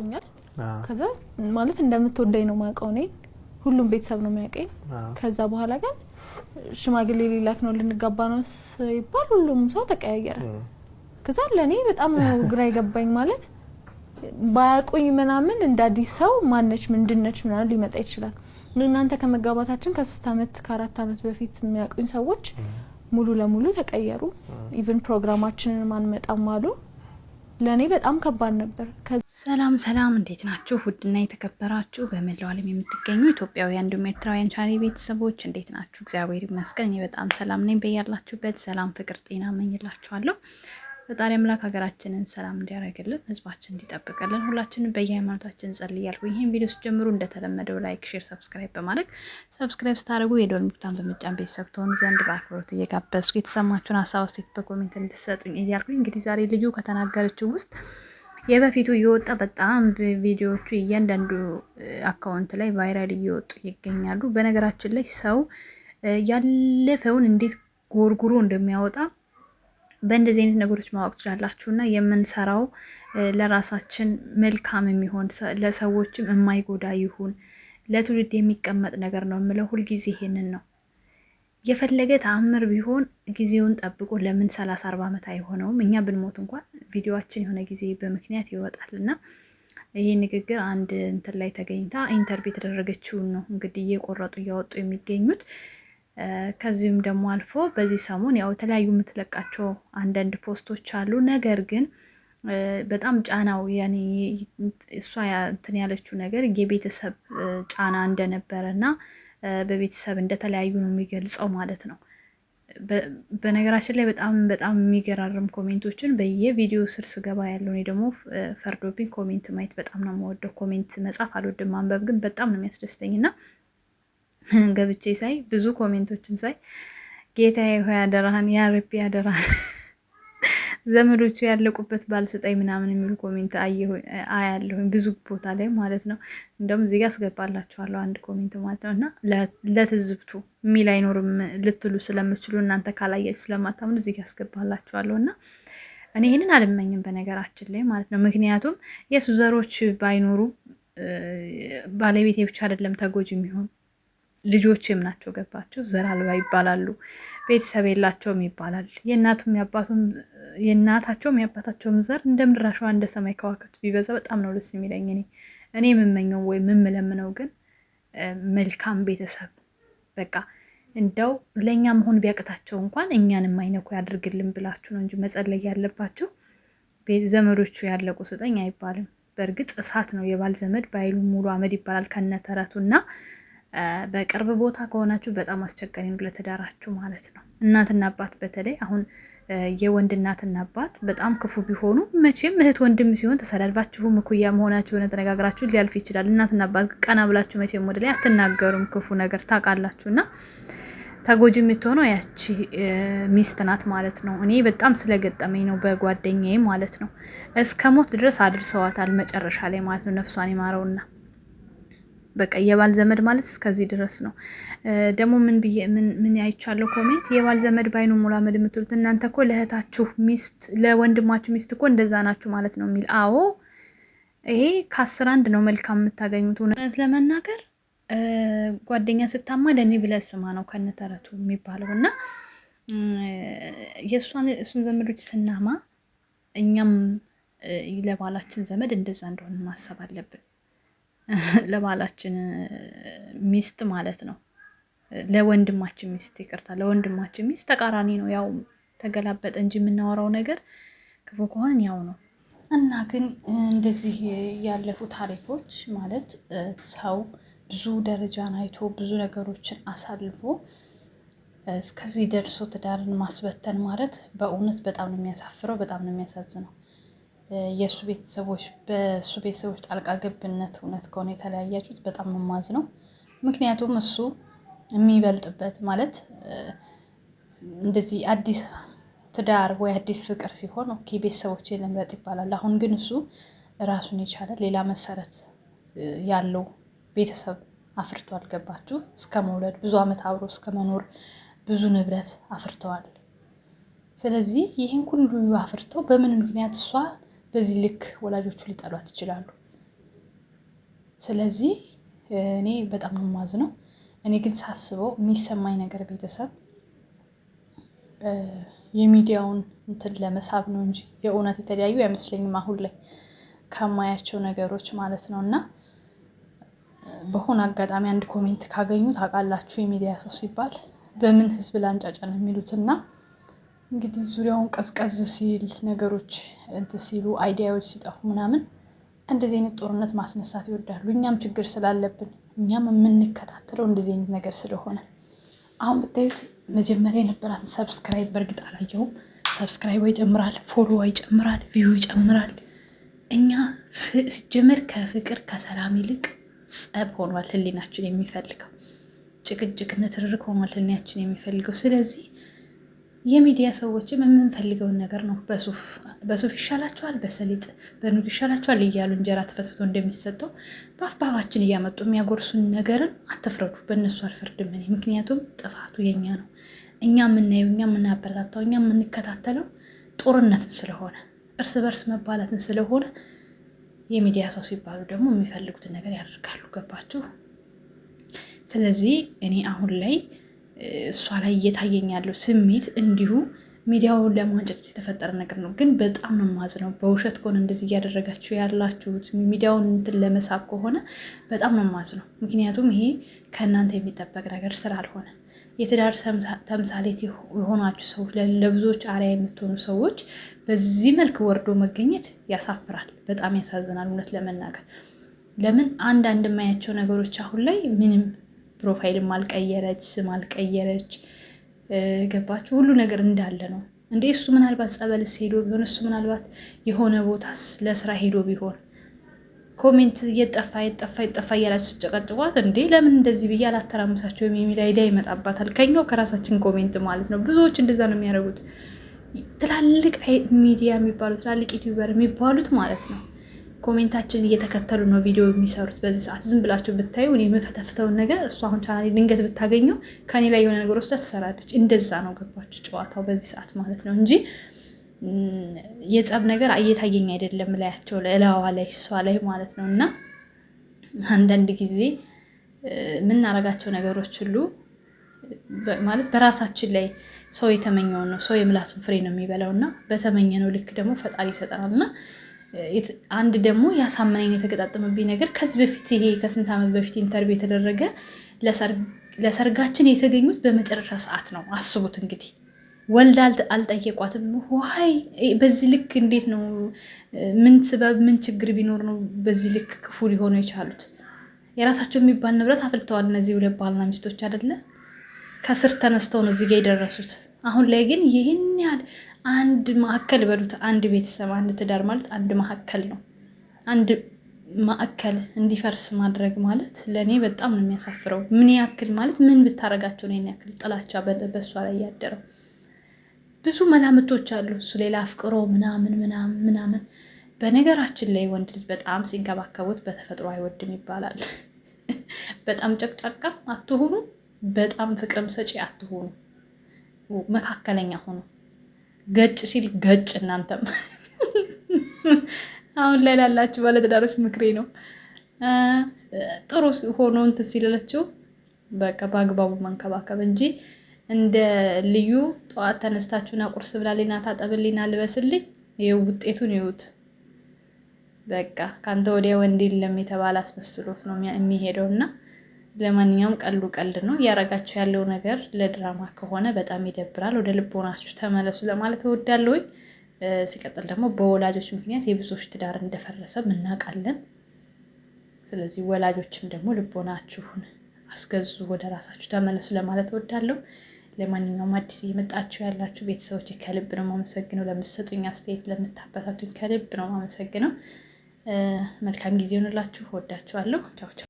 ያውቁኛል። ከዛ ማለት እንደምትወደኝ ነው ማውቀው እኔ ሁሉም ቤተሰብ ነው የሚያውቀኝ። ከዛ በኋላ ግን ሽማግሌ ሊላክ ነው ልንጋባ ነው ሲባል ሁሉም ሰው ተቀያየረ። ከዛ ለእኔ በጣም ግራ የገባኝ ማለት ባያቁኝ ምናምን እንደ አዲስ ሰው ማነች ምንድነች ምናምን ሊመጣ ይችላል። እናንተ ከመጋባታችን ከሶስት አመት ከአራት አመት በፊት የሚያውቁኝ ሰዎች ሙሉ ለሙሉ ተቀየሩ። ኢቨን ፕሮግራማችንን ማንመጣም አሉ። ለእኔ በጣም ከባድ ነበር። ሰላም ሰላም፣ እንዴት ናችሁ? ውድና የተከበራችሁ በመላው ዓለም የምትገኙ ኢትዮጵያውያን እንዲሁም ኤርትራውያን ቻናሌ ቤተሰቦች እንዴት ናችሁ? እግዚአብሔር ይመስገን እኔ በጣም ሰላም ነኝ። በያላችሁበት ሰላም፣ ፍቅር፣ ጤና መኝላችኋለሁ። ፈጣሪ አምላክ ሀገራችንን ሰላም እንዲያደርግልን፣ ህዝባችን እንዲጠብቅልን ሁላችንም በየሃይማኖታችን ጸልይ ያልኩ። ይህን ቪዲዮ ስትጀምሩ እንደተለመደው ላይክ፣ ሼር፣ ሰብስክራይብ በማድረግ ሰብስክራይብ ስታደርጉ የደወል ምልክቱን በመጫን ቤተሰብ ትሆኑ ዘንድ በአክብሮት እየጋበዝኩ የተሰማችሁን ሀሳብ አስተያየት በኮሜንት እንድትሰጡኝ እያልኩኝ እንግዲህ ዛሬ ልዩ ከተናገረችው ውስጥ የበፊቱ እየወጣ በጣም ቪዲዮዎቹ እያንዳንዱ አካውንት ላይ ቫይራል እየወጡ ይገኛሉ። በነገራችን ላይ ሰው ያለፈውን እንዴት ጎርጉሮ እንደሚያወጣ በእንደዚህ አይነት ነገሮች ማወቅ ትችላላችሁ። እና የምንሰራው ለራሳችን መልካም የሚሆን ለሰዎችም የማይጎዳ ይሁን ለትውልድ የሚቀመጥ ነገር ነው የምለው። ሁልጊዜ ይሄንን ነው የፈለገ ተአምር ቢሆን ጊዜውን ጠብቆ ለምን ሰላሳ አርባ ዓመት አይሆነውም? እኛ ብንሞት እንኳን ቪዲዮችን የሆነ ጊዜ በምክንያት ይወጣል እና ይሄ ንግግር አንድ እንትን ላይ ተገኝታ ኢንተርቪው የተደረገችውን ነው እንግዲህ እየቆረጡ እያወጡ የሚገኙት ከዚሁም ደግሞ አልፎ በዚህ ሰሞን ያው የተለያዩ የምትለቃቸው አንዳንድ ፖስቶች አሉ። ነገር ግን በጣም ጫናው እሷ እንትን ያለችው ነገር የቤተሰብ ጫና እንደነበረ እና በቤተሰብ እንደተለያዩ ነው የሚገልጸው ማለት ነው። በነገራችን ላይ በጣም በጣም የሚገራርም ኮሜንቶችን በየቪዲዮ ስር ስገባ ያለው እኔ ደግሞ ፈርዶብኝ ኮሜንት ማየት በጣም ነው የምወደው። ኮሜንት መጻፍ አልወድም፣ ማንበብ ግን በጣም ነው የሚያስደስተኝ እና ገብቼ ሳይ ብዙ ኮሜንቶችን ሳይ ጌታዬ ሆይ አደራህን፣ ያ ረቢ አደራህን፣ ዘመዶቹ ያለቁበት ባልሰጠኝ ምናምን የሚሉ ኮሜንት አያለሁኝ ብዙ ቦታ ላይ ማለት ነው። እንደውም እዚህ ጋር አስገባላችኋለሁ አንድ ኮሜንት ማለት ነው እና ለትዝብቱ የሚል አይኖርም ልትሉ ስለምችሉ እናንተ ካላያችሁ ስለማታምን እዚህ ጋር አስገባላችኋለሁ እና እኔ ይህንን አልመኝም በነገራችን ላይ ማለት ነው። ምክንያቱም የሱ ዘሮች ባይኖሩ ባለቤቴ ብቻ አይደለም ተጎጂ የሚሆን ልጆች ናቸው። ገባቸው። ዘር አልባ ይባላሉ። ቤተሰብ የላቸውም ይባላል። የእናቱም ያባቱም የእናታቸውም ያባታቸውም ዘር እንደ ምድር አሸዋ እንደ ሰማይ ከዋክብት ቢበዛ በጣም ነው ደስ የሚለኝ። እኔ እኔ የምመኘው ወይ የምለምነው ግን መልካም ቤተሰብ በቃ እንደው ለእኛ መሆን ቢያቅታቸው እንኳን እኛንም አይነኩ ያድርግልን ብላችሁ ነው እንጂ መጸለይ ያለባቸው ዘመዶቹ ያለቁ ስጠኝ አይባልም። በእርግጥ እሳት ነው የባል ዘመድ ባይሉ ሙሉ አመድ ይባላል ከነተረቱ እና በቅርብ ቦታ ከሆናችሁ በጣም አስቸጋሪ ነው ለትዳራችሁ ማለት ነው። እናትና አባት በተለይ አሁን የወንድ እናትና አባት በጣም ክፉ ቢሆኑ መቼም እህት ወንድም ሲሆን ተሰዳድባችሁ እኩያ መሆናችሁ ተነጋግራችሁ ሊያልፍ ይችላል። እናትና አባት ቀና ብላችሁ መቼም ወደ ላይ አትናገሩም ክፉ ነገር ታውቃላችሁ እና ተጎጂ የምትሆነው ያቺ ሚስት ናት ማለት ነው። እኔ በጣም ስለገጠመኝ ነው በጓደኛዬ ማለት ነው። እስከ ሞት ድረስ አድርሰዋታል መጨረሻ ላይ ማለት ነው። ነፍሷን ይማረውና በቃ የባል ዘመድ ማለት እስከዚህ ድረስ ነው። ደግሞ ምን ብዬ ምን ያይቻለሁ ኮሜንት የባል ዘመድ ባይኑ ሙላመድ የምትሉት እናንተ እኮ ለእህታችሁ ሚስት ለወንድማችሁ ሚስት እኮ እንደዛ ናችሁ ማለት ነው የሚል አዎ፣ ይሄ ከአስር አንድ ነው መልካም የምታገኙት። እውነት ለመናገር ጓደኛ ስታማ ለእኔ ብለህ ስማ ነው ከነተረቱ የሚባለው እና የእሷን እሱን ዘመዶች ስናማ እኛም ለባላችን ዘመድ እንደዛ እንደሆነ ማሰብ አለብን። ለባላችን ሚስት ማለት ነው። ለወንድማችን ሚስት ይቅርታ፣ ለወንድማችን ሚስት ተቃራኒ ነው። ያው ተገላበጠ እንጂ የምናወራው ነገር ክፉ ከሆን ያው ነው እና ግን እንደዚህ ያለፉ ታሪኮች ማለት ሰው ብዙ ደረጃን አይቶ ብዙ ነገሮችን አሳልፎ እስከዚህ ደርሶ ትዳርን ማስበተን ማለት በእውነት በጣም ነው የሚያሳፍረው፣ በጣም ነው የሚያሳዝነው። የእሱ ቤተሰቦች በእሱ ቤተሰቦች ጣልቃ ገብነት እውነት ከሆነ የተለያያችሁት በጣም መማዝ ነው። ምክንያቱም እሱ የሚበልጥበት ማለት እንደዚህ አዲስ ትዳር ወይ አዲስ ፍቅር ሲሆን ኦኬ ቤተሰቦች ልምረጥ ይባላል። አሁን ግን እሱ ራሱን የቻለ ሌላ መሰረት ያለው ቤተሰብ አፍርቶ አልገባችሁ እስከ መውለድ ብዙ ዓመት አብሮ እስከ መኖር ብዙ ንብረት አፍርተዋል። ስለዚህ ይህን ሁሉ አፍርተው በምን ምክንያት እሷ በዚህ ልክ ወላጆቹ ሊጠሏት ይችላሉ። ስለዚህ እኔ በጣም ማዝ ነው። እኔ ግን ሳስበው የሚሰማኝ ነገር ቤተሰብ የሚዲያውን እንትን ለመሳብ ነው እንጂ የእውነት የተለያዩ አይመስለኝም። አሁን ላይ ከማያቸው ነገሮች ማለት ነው እና በሆነ አጋጣሚ አንድ ኮሜንት ካገኙ ታውቃላችሁ፣ የሚዲያ ሰው ሲባል በምን ህዝብ ላንጫጫ ነው የሚሉትና እንግዲህ ዙሪያውን ቀዝቀዝ ሲል ነገሮች እንትን ሲሉ አይዲያዎች ሲጠፉ ምናምን እንደዚህ አይነት ጦርነት ማስነሳት ይወዳሉ። እኛም ችግር ስላለብን እኛም የምንከታተለው እንደዚህ አይነት ነገር ስለሆነ አሁን ብታዩት መጀመሪያ የነበራትን ሰብስክራይብ በእርግጥ አላየውም። ሰብስክራይብ ይጨምራል፣ ፎሎ ይጨምራል፣ ቪዩ ይጨምራል። እኛ ሲጀመር ከፍቅር ከሰላም ይልቅ ጸብ ሆኗል ህሊናችን የሚፈልገው ጭቅጭቅ፣ ንትርክ ሆኗል ህሊናችን የሚፈልገው ስለዚህ የሚዲያ ሰዎችም የምንፈልገውን ነገር ነው። በሱፍ ይሻላቸዋል፣ በሰሊጥ በኑግ ይሻላቸዋል እያሉ እንጀራ ተፈትፍቶ እንደሚሰጠው በአፍባባችን እያመጡ የሚያጎርሱን ነገርን አትፍረዱ። በእነሱ አልፈርድም እኔ ምክንያቱም ጥፋቱ የኛ ነው። እኛ የምናየው እኛ የምናበረታታው እኛ የምንከታተለው ጦርነትን ስለሆነ እርስ በርስ መባላትን ስለሆነ የሚዲያ ሰው ሲባሉ ደግሞ የሚፈልጉትን ነገር ያደርጋሉ። ገባችሁ? ስለዚህ እኔ አሁን ላይ እሷ ላይ እየታየኝ ያለው ስሜት እንዲሁ ሚዲያውን ለማንጨት የተፈጠረ ነገር ነው። ግን በጣም ነው የማዝነው። በውሸት ከሆነ እንደዚህ እያደረጋችሁ ያላችሁት ሚዲያውን እንትን ለመሳብ ከሆነ በጣም ነው የማዝነው። ምክንያቱም ይሄ ከእናንተ የሚጠበቅ ነገር ስላልሆነ የትዳር ተምሳሌት የሆናችሁ ሰዎች፣ ለብዙዎች አርያ የምትሆኑ ሰዎች በዚህ መልክ ወርዶ መገኘት ያሳፍራል። በጣም ያሳዝናል፣ እውነት ለመናገር ለምን አንድ አንድ የማያቸው ነገሮች አሁን ላይ ምንም ፕሮፋይልም አልቀየረች፣ ስም አልቀየረች። ገባችሁ? ሁሉ ነገር እንዳለ ነው። እንደ እሱ ምናልባት ጸበልስ ሄዶ ቢሆን እሱ ምናልባት የሆነ ቦታስ ለስራ ሄዶ ቢሆን ኮሜንት እየጠፋ የጠፋ የጠፋ እያላችሁ ጨቀጭቋት፣ እንዴ ለምን እንደዚህ ብዬ አላተራምሳቸውም የሚል አይዲያ ይመጣባታል። ከኛው ከራሳችን ኮሜንት ማለት ነው። ብዙዎች እንደዛ ነው የሚያደርጉት። ትላልቅ ሚዲያ የሚባሉ ትላልቅ ዩቲዩበር የሚባሉት ማለት ነው ኮሜንታችን እየተከተሉ ነው ቪዲዮ የሚሰሩት በዚህ ሰዓት። ዝም ብላችሁ ብታዩ እኔ የምፈተፍተውን ነገር እሱ አሁን ቻና ድንገት ብታገኘው ከኔ ላይ የሆነ ነገር ወስዳ ትሰራለች። እንደዛ ነው ገባችሁ ጨዋታው በዚህ ሰዓት ማለት ነው እንጂ የጸብ ነገር እየታየኝ አይደለም። ላያቸው እላዋ ላይ እሷ ላይ ማለት ነው። እና አንዳንድ ጊዜ የምናረጋቸው ነገሮች ሁሉ ማለት በራሳችን ላይ ሰው የተመኘውን ነው። ሰው የምላሱን ፍሬ ነው የሚበላው እና በተመኘነው ልክ ደግሞ ፈጣሪ ይሰጠናል እና አንድ ደግሞ ያሳመነኝ የተገጣጠመብኝ ነገር ከዚህ በፊት ይሄ ከስንት ዓመት በፊት ኢንተርቪው የተደረገ ለሰርጋችን የተገኙት በመጨረሻ ሰዓት ነው። አስቡት እንግዲህ ወልዳ አልጠየቋትም። ዋይ በዚህ ልክ እንዴት ነው? ምን ስበብ ምን ችግር ቢኖር ነው በዚህ ልክ ክፉ ሊሆኑ የቻሉት? የራሳቸው የሚባል ንብረት አፍልተዋል። እነዚህ ሁለት ባልና ሚስቶች አይደለ ከስር ተነስተው ነው እዚህ ጋ የደረሱት። አሁን ላይ ግን ይህን ያህል አንድ ማዕከል በሉት። አንድ ቤተሰብ፣ አንድ ትዳር ማለት አንድ ማዕከል ነው። አንድ ማዕከል እንዲፈርስ ማድረግ ማለት ለእኔ በጣም ነው የሚያሳፍረው። ምን ያክል ማለት ምን ብታረጋቸው ነው ያክል ጥላቻ በእሷ ላይ ያደረው? ብዙ መላምቶች አሉ። እሱ ሌላ አፍቅሮ ምናምን ምናምን ምናምን። በነገራችን ላይ ወንድ ልጅ በጣም ሲንከባከቡት በተፈጥሮ አይወድም ይባላል። በጣም ጨቅጫቃ አትሆኑ፣ በጣም ፍቅርም ሰጪ አትሆኑ፣ መካከለኛ ሆኑ። ገጭ ሲል ገጭ። እናንተም አሁን ላይ ላላችሁ ባለትዳሮች ምክሬ ነው። ጥሩ ሆኖ እንትን ሲላችሁ በቃ በአግባቡ መንከባከብ እንጂ እንደ ልዩ ጠዋት ተነስታችሁና ቁርስ ብላሊና ታጠብልኝና ልበስልኝ ይኸው ውጤቱን ይዩት። በቃ ከአንተ ወዲያ ወንድ የለም የተባለ አስመስሎት ነው የሚሄደው እና ለማንኛውም ቀሉ ቀልድ ነው። እያረጋችሁ ያለው ነገር ለድራማ ከሆነ በጣም ይደብራል። ወደ ልቦናችሁ ተመለሱ ለማለት እወዳለሁኝ። ሲቀጥል ደግሞ በወላጆች ምክንያት የብዙዎች ትዳር እንደፈረሰ እናውቃለን። ስለዚህ ወላጆችም ደግሞ ልቦናችሁን አስገዙ፣ ወደ ራሳችሁ ተመለሱ ለማለት እወዳለሁ። ለማንኛውም አዲስ እየመጣችሁ ያላችሁ ቤተሰቦች ከልብ ነው ማመሰግነው። ለምትሰጡኝ አስተያየት፣ ለምታበታቱኝ ከልብ ነው ማመሰግነው። መልካም ጊዜ ይሆንላችሁ። ወዳችኋለሁ። ቻው ቻው።